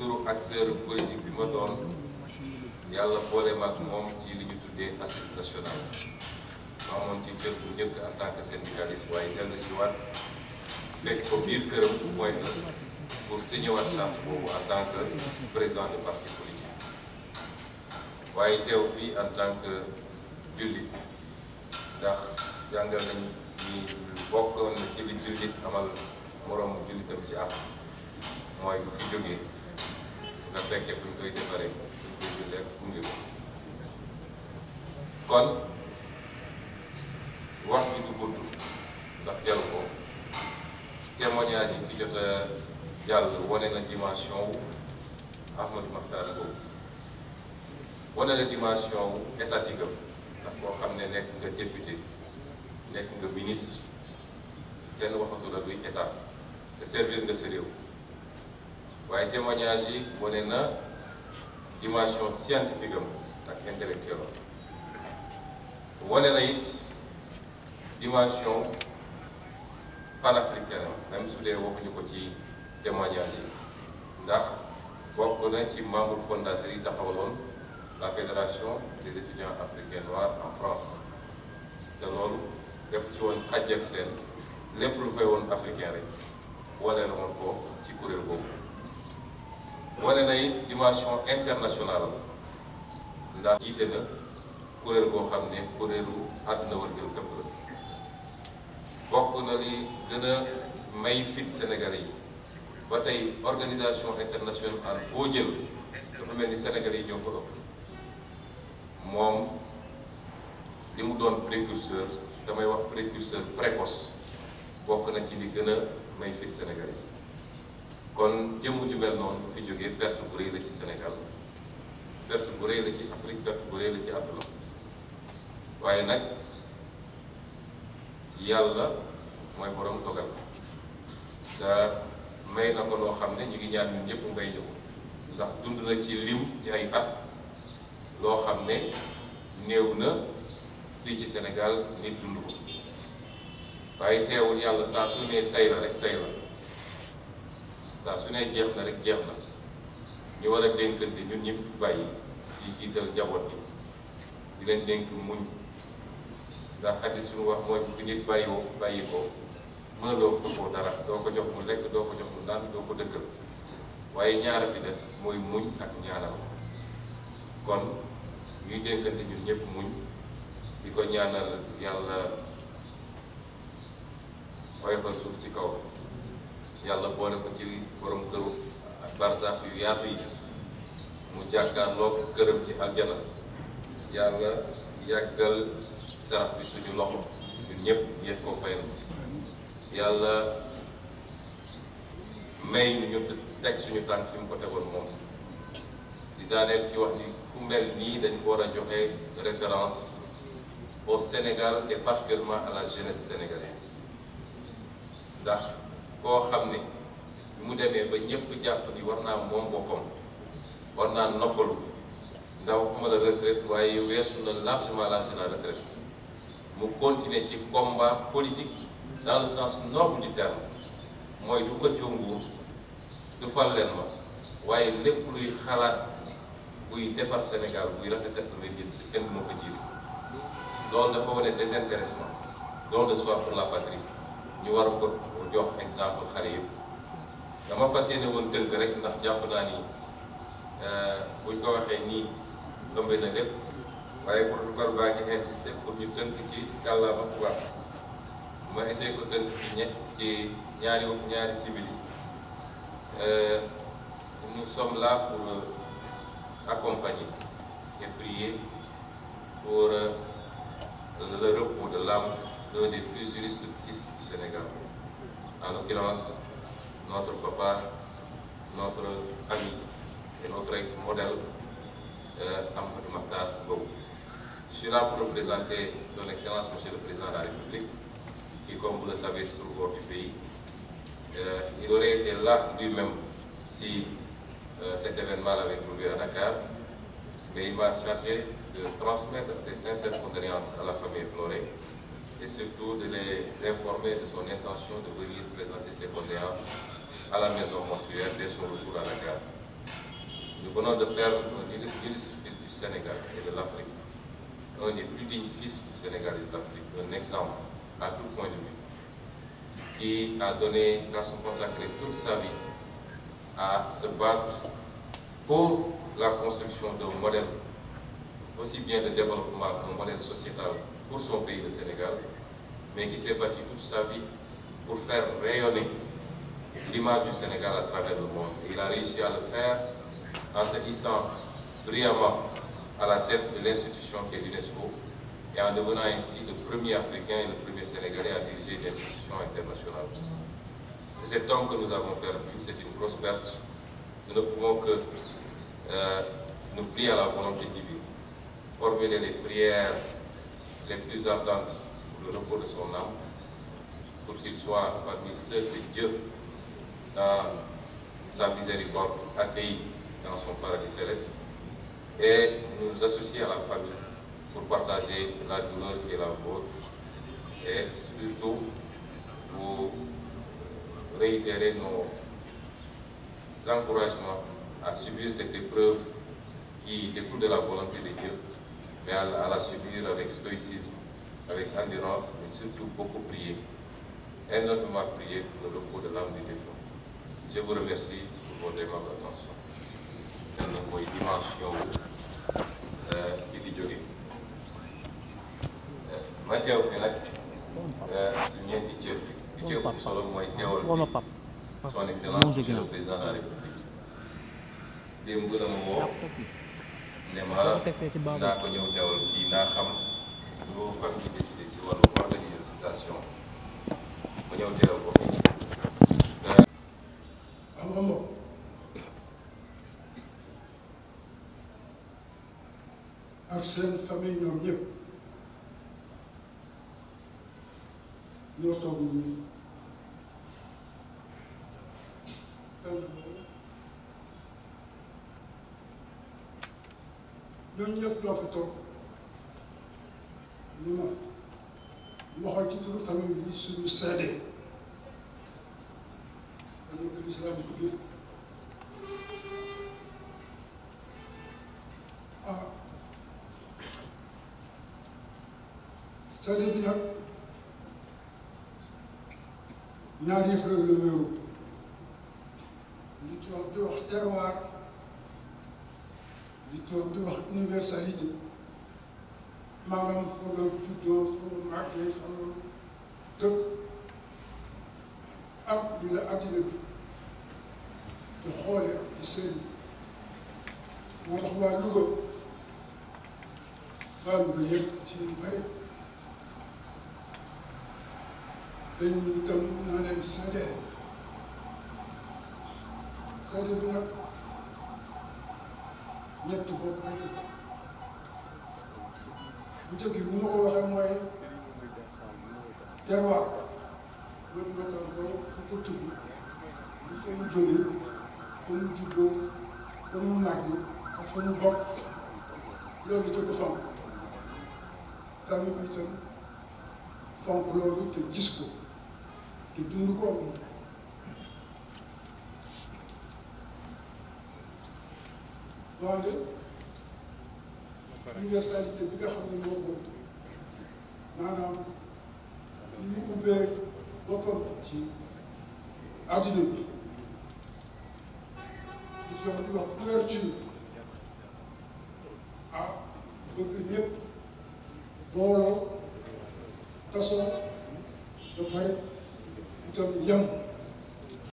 turu acteur politique bi ma doon yàlla boole moom ci li ñu tuddee assise nationale ma amoon ci jël bu njëkk en tant que syndicaliste waaye dellu si waat fekk ko biir këram mooy la pour signer waat charte boobu en tant que président de parti politique waaye teew fii en tant que jullit ndax jàngal nañ bokkoon na ci li amal moroom jullitam ci am mooy bu fi jógee na fekkee fu ñu koy defaree fu ñu koy ngi ko kon wax ji du gudd ndax jaru ko témoignage yi ci jot a jàll wane na dimension wu Ahmadou Makhtar Mbow wane na dimension wu étatique am ndax boo xam ne nekk nga député nekk nga ministre kenn waxatu la duy te servir nga sa réew waaye témoignage yi wane na dimension scientifique ak intellectuelle am wane na it dimension panafricaine am même su dee waxuñu ko ci témoignage yi ndax bokk na ci membre fondateur taxawaloon la fédération des étudiants africains noirs en France te loolu def ci woon xàjj seen lépp lu koy woon africain rek wane na woon ko ci kuréel boobu wane na dimension internationale ndax jiite na kuréel boo xam ne kuréelu àdduna wërgël këpp la bokk na li gën a may fit Sénégalais yi ba tey organisation internationale boo jël dafa mel ni Sénégalais yi ñoo ko ëpp moom li mu doon précurseur damay wax précurseur précoce bokk na ci li gën a may fit Sénégalais yi kon jëmm ju mel noonu fi jógee perte bu rëy ci Sénégal perte bu rëy la ci Afrique perte bu rëy la ci àdduna waaye nag yàlla mooy borom dogal te may na ko loo xam ne ñu ngi ñaan ñun ñëpp mbay ñëw ndax dund na ci lim ci ay at loo xam ne néew na fii ci senegal nit dund ko waaye teewul yàlla saa su ne tey rek tey saa su ne jeex na rek jeex na ñu war a dénkante ñun ñëpp bàyyi di jiital jaboot bi di dénk muñ ndax xadis bi mu wax mooy bu nit bàyyi bàyyi ko mënaloo ko koo dara doo ko jox mu lekk doo ko jox mu naan doo ko dëkkal waaye ñaara bi des mooy muñ ak ñaanal kon ñuy dénkante ñun ñëpp muñ di ko ñaanal yàlla woyofal suuf ci kaw yàlla boole ko ci borom këru ak barsax yu yaatu yi mu jàkkaarloo këram ci aljana yàlla yàggal sarax bi suñu loxo ñun ñëpp yéen koo fayal yàlla may ñu ñu teg suñu tànk fi mu ko tegoon moom di daaneel ci wax ni ku mel nii dañ ko war a joxe référence au Sénégal et particulièrement à la jeunesse sénégalaise ndax koo xam ne mu demee ba ñëpp jàpp ni war naa moom boppam war naa noppalu ndax waxuma la retraite waaye weesu na largement large la retraite mu continuer ci combat politique dans le sens noble du terme mooy du ko jënguur du fal ma waaye lépp luy xalaat buy defar Sénégal buy rafetal luy gis kenn moo ko jiitu loolu dafa wane désintéressement don de soi pour la patrie ñu war ko jox exemple xale yëpp dama fas yéene woon tënk rek ndax jàpp naa ni euh, buñ ko waxee nii lëmbe na lépp waaye protocole baa ngi insister pour ñu tënk ci kàllaama tubaab ma essayé ko tënk ci ñett ci ñaari ñaari civil yi euh, nous sommes là pour accompagner et prier pour euh, le repos de l'âme d'un des plus illustres fils du Sénégal en l'occurrence notre papa notre ami et notre modèle euh, Amadou Mahtar Mbow. Je suis là pour représenter son excellence monsieur le président ah, de la République qui comme vous le savez se trouve pays il aurait été là lui-même si cet événement l'avait trouvé à Dakar mais il m'a chargé de transmettre ses sincères condoléances à la famille Florey et surtout de les informer son intention de venir présenter ses à la maison mortuaire dès son retour à la gare. Nous venons de perdre un du Sénégal et de l'Afrique, un des plus dignes fils du Sénégal et de l'Afrique, un exemple à tout point de vue, qui a donné, qui a consacré toute sa vie à se battre pour la construction d'un modèle aussi bien de développement qu'un modèle sociétal pour son pays, le Sénégal, mais qui s'est battu toute sa vie pour faire rayonner l'image du Sénégal à travers le monde. Et il a réussi à le faire en se hissant brillamment à la tête de l'institution qui est l'UNESCO et en devenant ainsi le premier Africain et le premier Sénégalais à diriger une institution internationale. C'est cet que nous avons perdu, c'est une grosse Nous ne pouvons que euh, nous plier à la volonté divine, formuler les prières les plus ardentes pour le repos de son âme, pour qu'il soit parmi ceux que Dieu, dans sa miséricorde, accueillit dans son paradis céleste, et nous associer à la famille pour partager la douleur qui est la vôtre, et surtout pour réitérer nos encouragements à subir cette épreuve qui découle de la volonté de Dieu mais à la, à avec stoïcisme, avec endurance et surtout beaucoup prier, énormément prier pour le repos de l'âme du défunt. Je vous remercie pour votre aimable attention. Yàlla mooy dimension bi di jóge ma teew bi nag ci ñeenti cër bi bi ci ëpp solo mooy teewal bi son excellence monsieur le président de la république démb la ne ma naa ko ñëw teewal fii naa xam lu fan ci décidé ci wàllu organisation mu ñëw teewal ko fii ak seen famille ñoom ñëpp ñoo toog ñooñu ñëpp doo fi toog ñu ma waxoon ci turu famille bi suñu seede dañu ko lislaam duggee ah seede bi nag ñaari yëf la wéeru li ci wax di wax terroir li Diop di wax universalité maanaam fa nga juddoo fa nga màggee fa nga dëkk ak li la addina bi di xoolee ak di seeni moo tax waa Louga daan nga yëg ci lu bëri dañuy dem naa leen seede seede bi nag ñetti bopp la ñuy bu njëkk bi mu ma ko waxee mooy terroir loolu nga xam ko fu ko tudd fa mu jógee fa mu juddoo fa mu màggee ak fa mu bokk loolu da ko fonk tamit itam fonk loolu te gis ko te dund ko donc universalité bi nga xam ne moo ko maanaam ñu ubbee boppam ci adduna bi di jox di wax ouverture ah bëgg ñëpp booloo tasoo ba pare itam yem